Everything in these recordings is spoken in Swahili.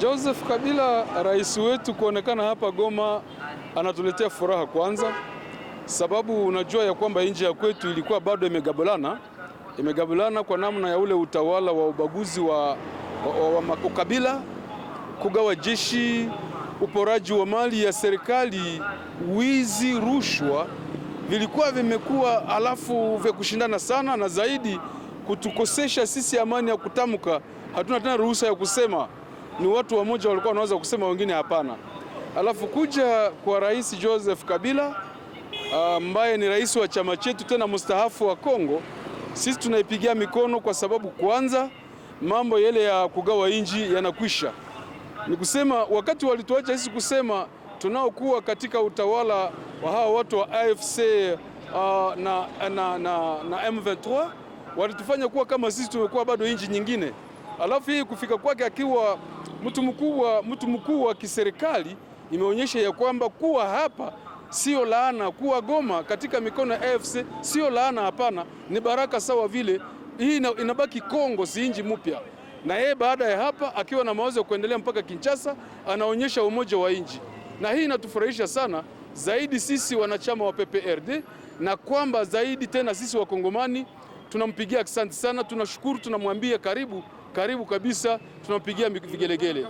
Joseph Kabila, rais wetu, kuonekana hapa Goma anatuletea furaha kwanza, sababu unajua ya kwamba nchi ya kwetu ilikuwa bado imegabulana, imegabulana kwa namna ya ule utawala wa ubaguzi wa, wa, wa, wa ukabila, kugawa jeshi, uporaji wa mali ya serikali, wizi, rushwa vilikuwa vimekuwa alafu vya kushindana sana, na zaidi kutukosesha sisi amani ya kutamka. Hatuna tena ruhusa ya kusema ni watu wamoja walikuwa wanaweza kusema, wengine hapana. Alafu kuja kwa Rais Joseph Kabila ah, ambaye ni rais wa chama chetu tena mustahafu wa Kongo, sisi tunaipigia mikono kwa sababu kwanza mambo yale ya kugawa inji yanakwisha. Ni kusema wakati walituacha sisi kusema tunaokuwa katika utawala wa hawa watu wa AFC uh, ah, na, na, na, na M23 walitufanya kuwa kama sisi tumekuwa bado inji nyingine. Alafu hii kufika kwake akiwa mtu mkuu wa mtu mkuu wa kiserikali imeonyesha ya kwamba kuwa hapa sio laana, kuwa Goma katika mikono ya AFC sio laana, hapana, ni baraka. Sawa vile hii inabaki Kongo, si inji mpya. Na yeye baada ya hapa akiwa na mawazo ya kuendelea mpaka Kinshasa, anaonyesha umoja wa inji, na hii inatufurahisha sana zaidi sisi wanachama wa PPRD, na kwamba zaidi tena sisi wakongomani tunampigia asante sana, tunashukuru, tunamwambia karibu karibu kabisa, tunampigia vigelegele.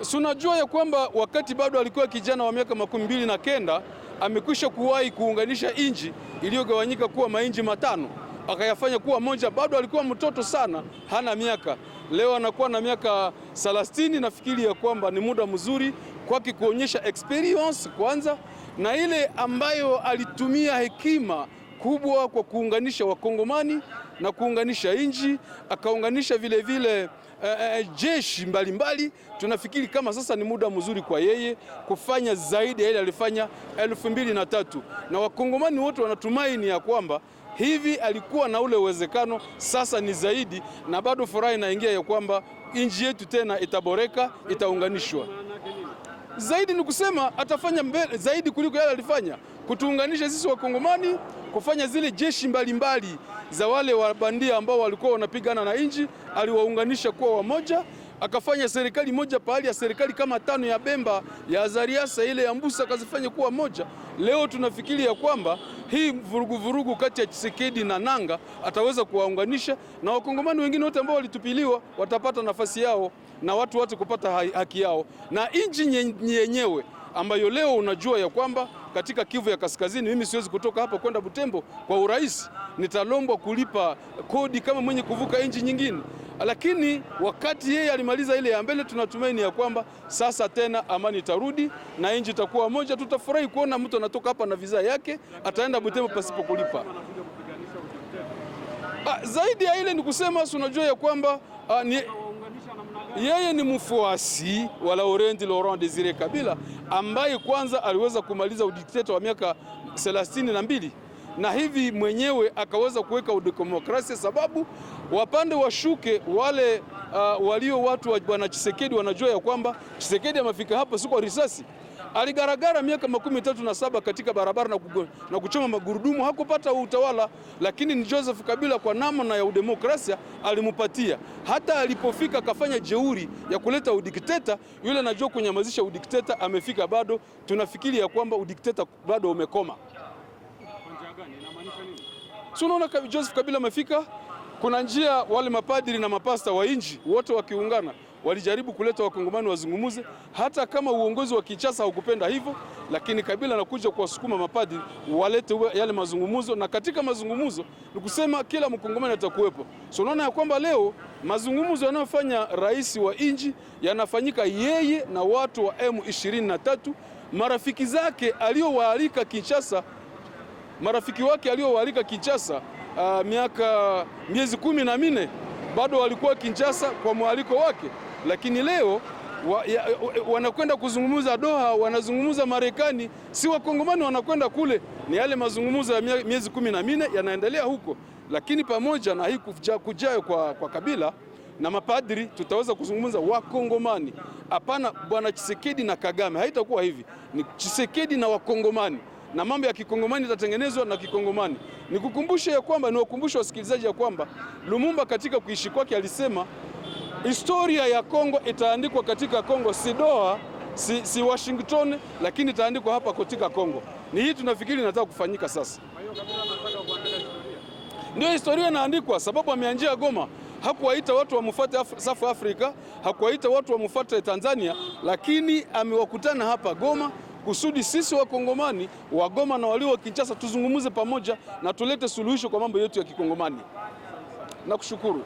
Si unajua ya kwamba wakati bado alikuwa kijana wa miaka makumi mbili na kenda amekwisha kuwahi kuunganisha inji iliyogawanyika kuwa mainji matano akayafanya kuwa moja. Bado alikuwa mtoto sana, hana miaka. Leo anakuwa na miaka thelathini. Nafikiri ya kwamba ni muda mzuri kwake kuonyesha experience kwanza, na ile ambayo alitumia hekima kubwa kwa kuunganisha Wakongomani na kuunganisha nchi, akaunganisha vilevile uh, eh, uh, eh, eh, jeshi mbalimbali mbali. Tunafikiri kama sasa ni muda mzuri kwa yeye kufanya zaidi ya ile alifanya elfu mbili na tatu, na wakongomani wote wanatumaini ya kwamba hivi alikuwa na ule uwezekano, sasa ni zaidi, na bado furaha inaingia ya kwamba nchi yetu tena itaboreka, itaunganishwa zaidi. Ni kusema atafanya mbele zaidi kuliko yale alifanya, kutuunganisha sisi wakongomani kufanya zile jeshi mbalimbali mbali za wale wabandia ambao walikuwa wanapigana na inji, aliwaunganisha kuwa wamoja, akafanya serikali moja pahali ya serikali kama tano ya Bemba ya Azariasa ile ya Mbusa akazifanya kuwa moja. Leo tunafikiri ya kwamba hii vurugu vurugu kati ya Chisekedi na Nanga ataweza kuwaunganisha na wakongomani wengine wote ambao walitupiliwa watapata nafasi yao na watu wote kupata haki yao na nchi yenyewe ambayo leo unajua ya kwamba katika Kivu ya Kaskazini, mimi siwezi kutoka hapa kwenda Butembo kwa urahisi, nitalombwa kulipa kodi kama mwenye kuvuka nchi nyingine. Lakini wakati yeye alimaliza ile ya mbele, tunatumaini ya kwamba sasa tena amani itarudi na nchi itakuwa moja. Tutafurahi kuona mtu anatoka hapa na viza yake ataenda Butembo pasipo kulipa. Ah, zaidi ya ile ni kusema, unajua ya kwamba a, ah, ni yeye ni mfuasi wa Laurent Laurent Desire Kabila ambaye kwanza aliweza kumaliza udikteta wa miaka thelathini na mbili na hivi mwenyewe akaweza kuweka udemokrasia, sababu wapande washuke wale uh, walio watu wa bwana Chisekedi wanajua ya kwamba Chisekedi amefika hapo si kwa risasi. Aligaragara miaka makumi tatu na saba katika barabara na, na kuchoma magurudumu, hakupata utawala, lakini ni Joseph Kabila kwa namna ya udemokrasia alimupatia. Hata alipofika akafanya jeuri ya kuleta udikteta, yule anajua kunyamazisha udikteta, amefika bado. Tunafikiri ya kwamba udikteta bado umekoma. Si unaona Joseph Kabila amefika, kuna njia wale mapadiri na mapasta wa inji wote wakiungana walijaribu kuleta wakongomani wazungumuze, hata kama uongozi wa Kinshasa haukupenda hivyo, lakini Kabila anakuja kuwasukuma mapadi walete yale mazungumuzo, na katika mazungumuzo ni kusema kila mkongomani atakuwepo. So unaona ya kwamba leo mazungumuzo yanayofanya rais wa nchi yanafanyika yeye na watu wa M23, marafiki zake aliyowaalika Kinshasa, marafiki wake aliyowaalika Kinshasa uh, miaka miezi kumi na minne bado walikuwa Kinshasa kwa mwaliko wake lakini leo wa, ya, wanakwenda kuzungumza Doha, wanazungumza Marekani, si wakongomani wanakwenda kule. Ni yale mazungumzo ya miezi kumi na minne yanaendelea huko, lakini pamoja na hii kujayo kwa, kwa Kabila na mapadri tutaweza kuzungumza wakongomani, hapana bwana Chisekedi na Kagame. Haitakuwa hivi, ni Chisekedi na wakongomani, na mambo ya kikongomani yatatengenezwa na kikongomani. Nikukumbushe ya kwamba, niwakumbushe wasikilizaji ya kwamba Lumumba katika kuishi kwake alisema historia ya Kongo itaandikwa katika Kongo, si Doha, si, si Washington, lakini itaandikwa hapa katika Kongo. Ni hii tunafikiri inataka kufanyika sasa, ndio historia inaandikwa, sababu ameanjia Goma hakuwaita watu wamfuate Af safu Afrika, hakuwaita watu wamfuate Tanzania, lakini amewakutana hapa Goma kusudi sisi wakongomani wa Goma na walio wa Kinshasa tuzungumuze pamoja na tulete suluhisho kwa mambo yetu ya kikongomani. Nakushukuru.